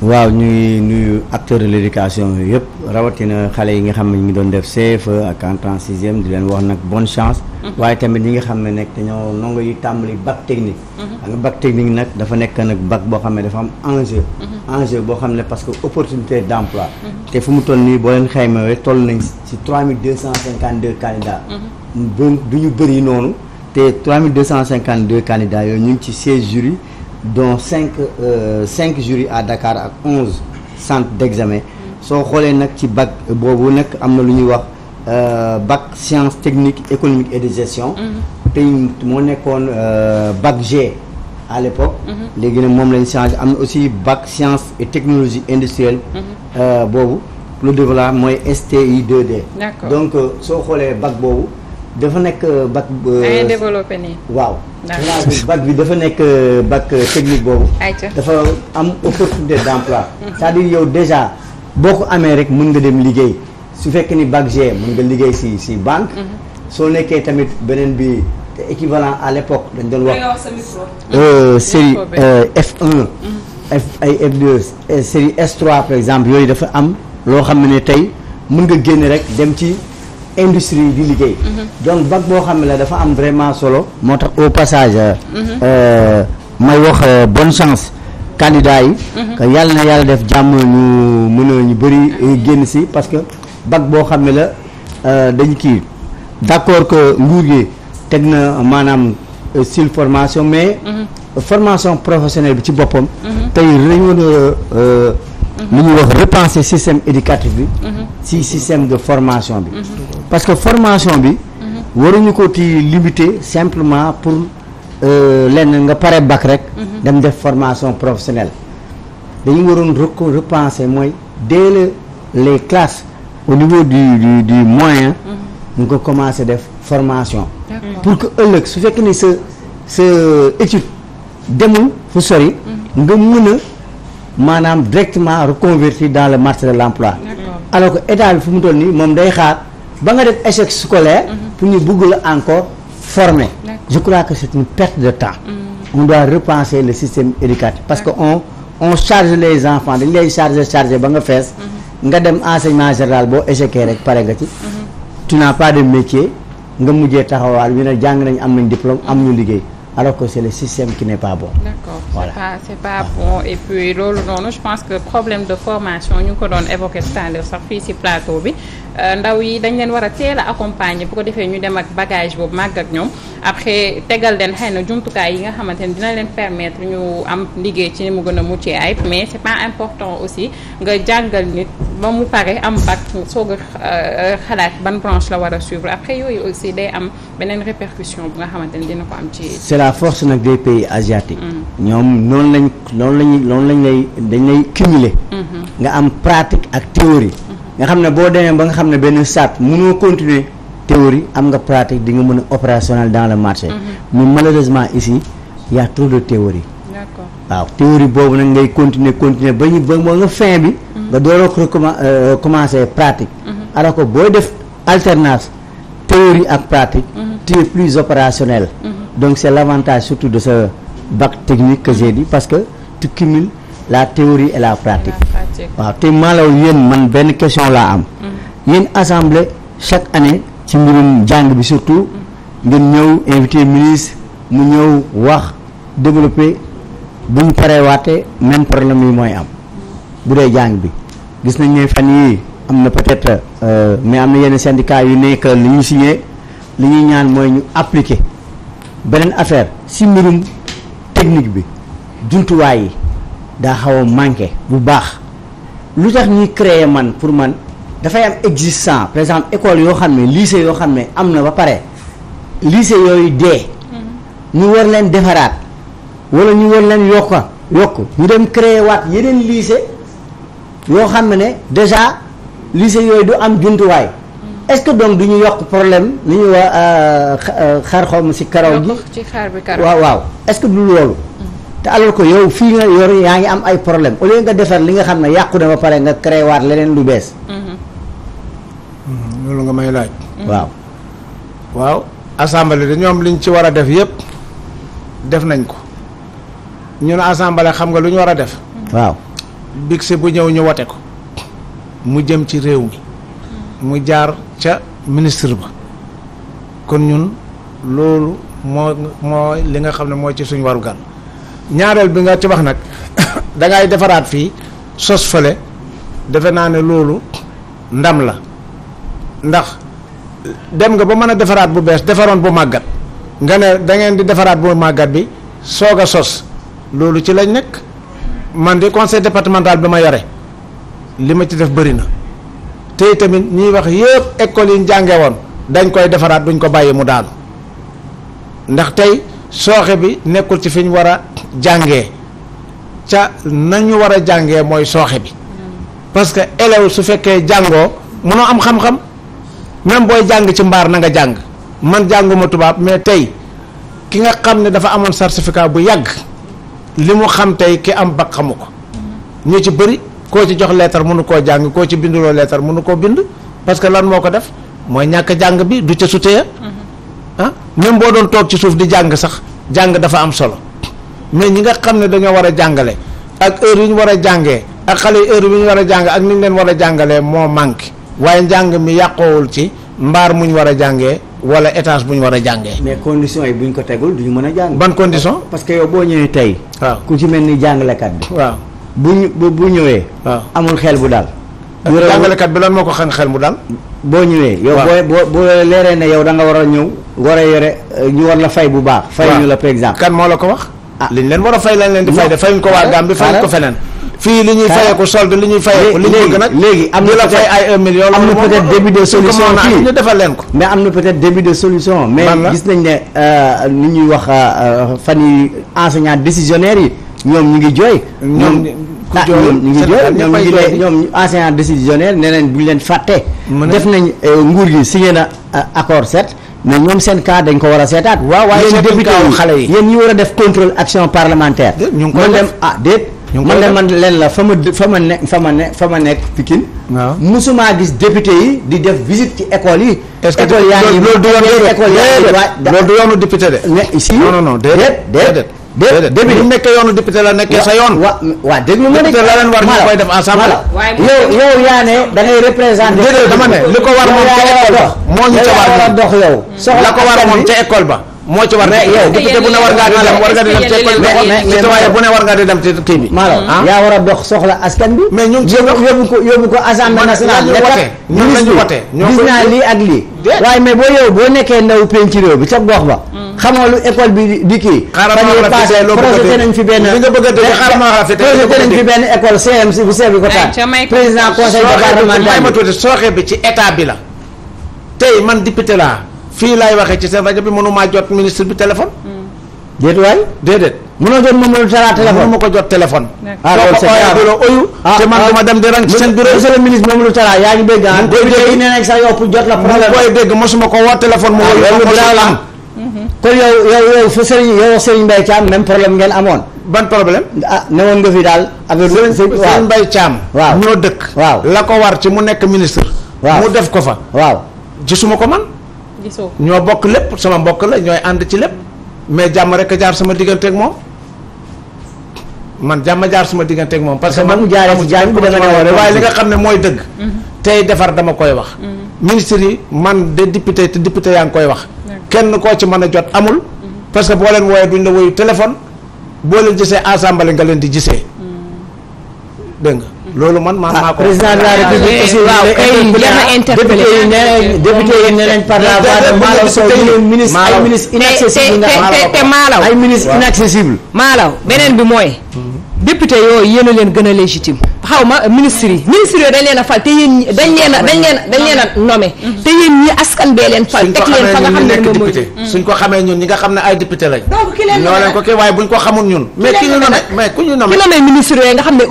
waaw ñuy nuyu acteurs de l'éducation yëpp rawatina xale yi nga xam ne ñu ngi doon def CFE ak entrée sixième di leen wax nag bonne chance mhm. waaye tamit ñi nga xam ne nag dañoo nongo yi tàmbali bac technique mhm. xam nga bac technique nag dafa nekk nag bac boo xam ne dafa am enjeu mhm. enjeu boo xam ne parce que opportunité d'emploi te fu mu toll nii boo leen xaymawee toll nañ ci trois mille deux cent cinquante deux candidats du ñu bëri noonu te trois deux cent cinquante deux candidats yooyu ñu ngi ci seize donc cinq euh, cinq jurys à Dakar ak onze centres d'examen soo xoolee nag ci bac boobu nag am na lu ñuy wax euh, bac sciences technique économique et de gestion mm-hmm. te moo nekkoon euh, bac G à l'époque mm-hmm. léegi nag moom lañ changé am na aussi bac sciences et technologies industrielles mm-hmm. euh, boobu plus de voilà mooy STI 2D donc soo xoolee bac boobu dafa nekk euh, bac. ay euh, développé nii. waaw. bac bi dafa nekk euh, bac technique boobu. dafa am opportunité d' emploi. cest à yow déjà boo ko amee rek mun nga dem liggéey su fekkee ni bac G mën nga liggéey si si banque. Mhm. soo nekkee tamit beneen bi équivalent à l' dañ doon wax. Mhm. série F1. Mhm. F ay série S3 par exemple yooyu dafa am loo xam ne tey mën nga génne rek dem ci. industrie di liggéey. Mhm. donc bac boo xam ne la dafa am vraiment solo. moo tax au passage. Euh, mhm. euh, may wax euh, bonne chance candidat yi. Mhm. yàlla na yàlla def jàmm ñu mën ñu bëri génn si parce que bac boo xam ne la dañu kii d'accord que nguur gi teg na maanaam style formation mais. formation professionnelle bi ci boppam. tey dañu war a. lu ñuy wax repenser système éducatif bi. ci système de formation bi. parce que formation bi. Mhm. waruñu ko ci limiter simplement pour euh, lenn nga pare bac rek. Mhm. dem def formation professionnelle. dañu waroon repenser mooy dès le les classes au niveau du du du moyen. Mhm. ñu ko commencé def formation. pour que ëllëg su fekk ni sa sa étude demul fu sori. nga mën a maanaam directement reconvertir dans le marché de l' emploi. alors que état bi fu mu toll nii moom day xaar. ba nga def échec scolaire. pour ñu bëgg la encore former. je crois que c'est une perte de temps. Mm. on doit repenser le système éducatif parce que on on charge les enfants dañ lay charger charger ba nga fees. Mm-hmm. nga dem enseignement général boo échecqué rek pare nga ci. Mm-hmm. tu n'as pas de métier nga mujjee taxawaal bi ne jàng nañ am nañ diplôme am ñu liggéey. alors que c'est le système qui n'est pas bon. d'accord voilà. c'est pas, c'est pas ah. bon et puis loolu noonu je pense que problème Euh, ndaw yi dañ leen war a teel accompagner bu ko defee ñu dem ak bagage boobu màgg ak ñoom après tegal leen xëy na jumtukaay yi nga xamante ne dina leen permettre ñu am liggéey ci ni mu gën a muccee ay mais c'est pas important aussi nga jàngal nit ba mu pare am bac soog a euh, xalaat ban branche la war a suivre après yooyu aussi day am beneen répercussion bu nga xamante ne dina ko am ci. c'est la force nag des pays asiatiques. Mm. ñoom noonu lañ loolu lañ loolu lañ lay dañ lay cumuler. Mm-hmm. am nga xam ne boo demee ba nga xam ne benn sat mënoo continuer théorie am nga pratique di nga mën a opérationnel dans le marché mhm. mais malheureusement ici y a trop de théorie waaw théorie boobu nag ngay continuer continuer ba ñu ba nga fin bi mhm. nga door a euh, commencer pratique mhm. alors que booy def alternance théorie ak pratique tu plus opérationnel donc c'est l'avantage surtout de ce bac technique que j'ai parce que tu cumules la théorie et la pratique waaw te maalaw yéen man benn question laa am mm. yéen assemblée chaque année ci mbirum jàng bi surtout ngeen ñëw invité ministre mu ñëw wax développé bu ñu paree waate même problème yi mooy am bu dee jàng bi gis nañ ne fan yii am na peut-être euh, mais am na yenn syndicat yu nekk li ñu signé li ñuy ñaan mooy ñu appliquer beneen affaire si mbirum technique bi jumtuwaay yi daa xaw a manqué bu baax lu tax ñuy créer man pour man dafay am existant par exemple école yoo xam ne lycée yoo xam ne am na ba pare lycée yooyu dee mm-hmm. ñu war leen defaraat wala ñu war leen yokka yokk ñu dem créer waat yeneen lycée yoo xam ne déjà lycée yooyu du am jumtuwaay mm-hmm. est-ce que donc du ñu yokk problème li ñuy wax euh, euh, xar xawma si karaw gi waaw waaw est-ce que du loolu te alal ko yow fii nga yor yaa ngi am ay problème au lieu nga defar li nga xam ne yàqu na ba pare nga créé waat leneen lu bees. Mm-hmm. loolu nga may laaj. Mm-hmm. waaw. waaw assemblée de ñoom liñ ci war a def yëpp def nañ ko ñu ne assemblée xam nga lu ñu war a def. Mm-hmm. waaw big si bu ñëw ñu wote ko mu jëm ci réew mi mu jaar ca ministre ba kon ñun loolu moo mooy li nga xam ne mooy ci suñu warugal. ñaareel bi nga ci wax nag da ngay defaraat fii sos fële defe naa ne loolu ndam la ndax dem nga ba mën a defaraat bu bees defaroon bu màggat nga ne dangeen di defaraat bu màggat bi soog a sos loolu ci lañ nekk man di conseil départemental bi ma yore li ma ci def bëri na tey tamit ñuy wax yépp école yi ñu dañ koy defaraat duñ ko bàyyi mu daanu ndax tey sooxe bi nekkul ci fiñ ñu war a jànge ca nañu war a jàngee mooy sooxe bi parce que élève su fekkee jàngoo munoo am xam-xam même booy jàng ci mbaar na nga jàng man jànguma tubaab mais tey ki nga xam ne dafa amoon certificat bu yàgg li mu xam tey ki am ba xamu ko ñu ci bëri koo ci jox leetar nu koo jàng koo ci binduloo leetar mënu koo bind parce que lan moo ko def mooy ñàkk jàng bi du ca sutee mm-hmm. ah même boo doon toog ci suuf di jàng sax jàng dafa am solo mais ñi nga xam ne dañoo war a jàngale ak heure yi ñu war a jàngee ak xale yi heure bi ñu war a jàng ak ni ñu leen war a jàngalee moo manqué waaye njàng mi yàqoowul ci mbaar mu ñu war a jàngee wala étage bu ñu war a jàngee. mais condition yi bu ko tegul du ñu mën a jàng. ban condition. parce que boo ñëwee tey. ku ci ni jàngalekat bi. waaw bu ñu bu ñëwee. amul xel bu daal. jàngalekat bi lan moo ko xam xel mu daal. boo ñëwee. yow boo boo boo leeree ne yow da nga war a ñëw. war a yore ñu war la fay bu baax. fay ñu la par exemple. kan moo la ko wax. ah liñ leen war a fay leen leen di fay de fayuñ ko waa Gambie ah. fayuñ ko feneen fii li ñuy fayee ko solde li ñuy fayee ko li léegi am na fay ay am na peut-être début de solution fii ñu defal leen ko mais am na peut-être début de solution mais gis nañ ne ni euh, ñuy wax euh, euh, fan yi enseignant décisionnaire yi ñoom ñu ngi jooy ñoom ah ñoom ñu ngi jooy ñoom ñu ngi ne ñoom enseignant décisionnaire nee nañ bu leen fàtte def nañ nguur gi signé na accord set mais ñoom seen cas dañ ko war a seetaat. waaw waaye seen député yi xale yi yéen ñi war a def contrôle action parlementaire. ñu ngi koy def ah déet. ñu ngi koy man de man leen la fa ma fa ma ne fa ma fa ma nekk Pikine. waaw musuma gis député yi di def visit ci école yi. est-ce que loolu loolu du yoonu député de. loolu du yoonu député de. mais ici déedéet déedéet bu nekkee yoonu député la sa yoon. wa waaw déglu ma ne député la leen war ñu koy def ensemble. yow yow yaa ne da ngay représenté. déedéet dama ne li ko war moom ca école ba. moo ñu ca war dox yow. la ko war moom ca école ba. moo ci war mais yow nga di dem ci bu ne war ngaa di dem ci kii ah? yaa war a dox soxla askan bi mais ñu ngi yóbbu ko yóbbu ko assemblée nationale wote ñoom lañu wote gis naa lii ak lii waaye mais boo yow boo nekkee ndaw penc bi ca gox ba mm. xamoo lu école bi di kii fañuy paase projeté nañ fi benn projeté nañ fi benn école CMC ko taan président conseil départemental sooxe bi ci état bi la tey man député laa fii laay waxee ci seen rajo bi mënumaa jot ministre bi téléphone. déet waay déedéet. mënoo jot moom la talaa téléphone mënuma ko jot téléphone. ah loolu c'est grave soo ko oyu. Ah, te man ah, dama dem di rang ci seen bureau. monsieur le ministre moom lu talaa yaa ngi dégg ah. koy dégg nee nañ sax yow pour jot la koy dégg mosuma ko woo téléphone. mu woo ah, loolu daal am. kon yow yow yow fa Serigne yow Serigne Mbaye Thiam même problème ngeen amoon. ban problème. ah newoon nga fi daal. affaire bi Serigne Serigne dëkk. waaw la ko war ci mu nekk ministre. waaw def ko fa. waaw ko man. gisoo ñoo bokk lépp sama mbokk la ñooy ànd ci lépp mais jàmm rek jaar sama diggante ak moom man jàmm jaar sama diggante ak moom. parce que man mu jaaree si jaay waaye li nga xam ne mooy dëgg. Mhm. tey defar dama koy wax. Mhm. ministre yi man de député te député yaa ngi koy wax. kenn koo ci mën a jot amul. Mhm. parce que boo leen wooyee duñ la woyu téléphone boo leen gisee assemblée nga leen di gisee. dégg loolu man maa maa ko. président de la république aussi. waaw kay interpellé député yi nee nañ par la voix de Malaw Sow ministre ay ministre inaccessible. te inaccessible. Malaw beneen bi mooy. député yooyu yéen leen gën a légitime xaw ma euh, ministre yi ministre yooyu dañ leen a fal te yéen dañ leen dañ leen dañ leen a mm-hmm. te yéen ñi askan bee leen fal teg mm. ko xamee ñun ñi nga xam ne ay député ki leen ñoo waaye buñ ko xamul ñun mais ki ñu nommé mais ku ñu nommé ki nommé nga xam ne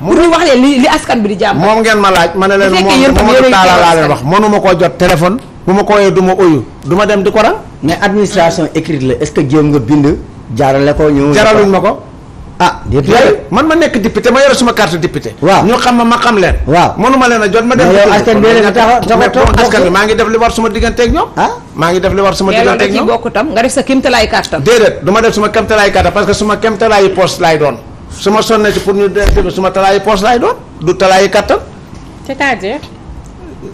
um askan bi di jàmm moom ngeen ma laaj ma leen moom taala laa leen wax mënuma koo jot téléphone bu ma ko woyee du ma uyu du dem di ko mais administration écrite la est-ce que jéem nga bind jaarale ko ñëw jaaraluñ ma ko. ah déedéet man ma nekk député ma yore suma carte député. waaw ñu xam ma ma xam leen. waaw mënuma leen a jot ma. dem yow askan bi leen tax a askan bi maa ngi def li war suma digganteeg ñoom. ah maa ngi def li war suma digganteeg ñoom bokk tam nga def sa kéemtalaay kàttan. déedéet du ma def suma kéemtalaay kàttan parce que suma kéemtalaayu poste laay doon su ma sonnee ci pour ñu def suma talaayu poste laay doon du talaayu kàttan.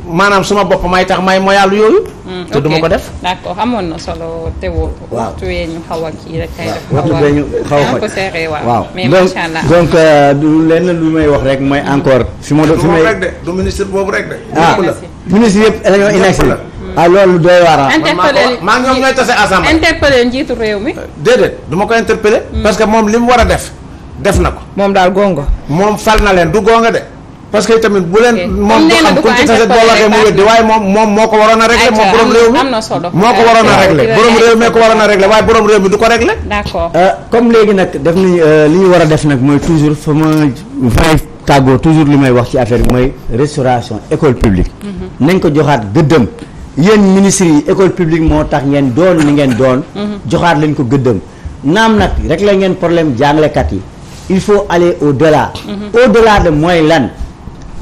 maanaam suma bopp may tax may moyaalu yooyu. Mm, te duma ko def. d'accord amoon na solo teewoo. waaw waxtu wee ñu xaw a kii rek. kay def waxtu bee ñu waaw mais macha allah donc euh, donc lenn lu may wax rek mooy encore. fi ma fi may du ministre boobu rek de. ah ministre yëpp dañoo inaccès. ah loolu doy waar maa ñoom ñooy tase assemblée. interpellé njiitu réew mi. Euh, déedéet du ma ko interpellé. Mm. parce que moom li mu war a def def na ko. moom daal gongo. moom fal na leen du gongo de. parce que tamit bu leen moom du xam ku ci tase boo waxee mu weddi waaye moom moom moo ko waroon a réglé moom borom réew mi moo ko waroon a réglé borom réew mee ko waroon a réglé waaye borom réew mi du ko réglé d'accord euh, comme léegi nag def nañ euh, li ñu war a def nag mooy toujours fa ma fay tàggoo toujours li may wax ci affaire bi mooy restauration école publique mhm. nañ ko joxaat gëddëm yéen ministres yi école publique moo tax ngeen doon li ngeen doon mhm. joxaat lañ ko gëddëm naam nag rek la ngeen problème jàngalekat yi il faut aller au delà mhm. au delà de mooy lan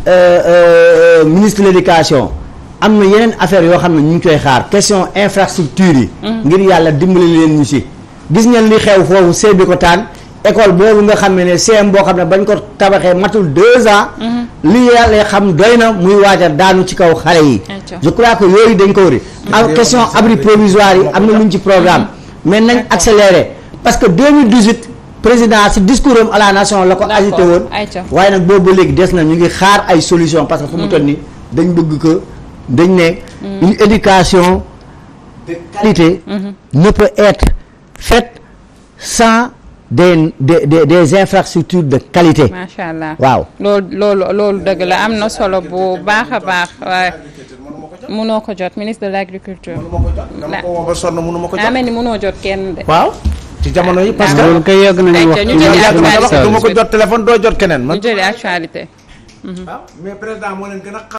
Euh, euh, ministre de l'éducation am na yeneen affaire yoo xam ne ñu ngi koy xaar question infrastructure yi mm. ngir yàlla dimbali leen ñu si gis ngeen li xew foofu seebi ko taan école boobu nga xam ne ne CM boo xam ne bañ ko tabaxee matul deux ans mm-hmm. li yàlla xam doy na muy waaja daanu ci kaw xale yi je crois que yooyu dañ ko wari mm-hmm. question abri provisoire yi am na luñ ci programme mm-hmm. mais nañ accéléré parce que 2018 président si discours am la nation la ko agité woon waaye nag boobu ba léegi des na ñu ngi xaar ay solution parce que fu mu toll mm. nii dañ bëgg que dañ ne mm. une éducation de qualité mm-hmm. ne peut être sans des des des, des infrastructures de qualité. macha allah waaw loolu loolu dëgg la am na solo bu baax a baax waaye. mënoo ko jot ministre de l' agriculture. mënuma ni mënoo jot kenn de. waaw. ci jamono yi parce que loolu kay yàgg nañu wax du ma ko jot téléphone ñu jëlee actualité. waaw ah, a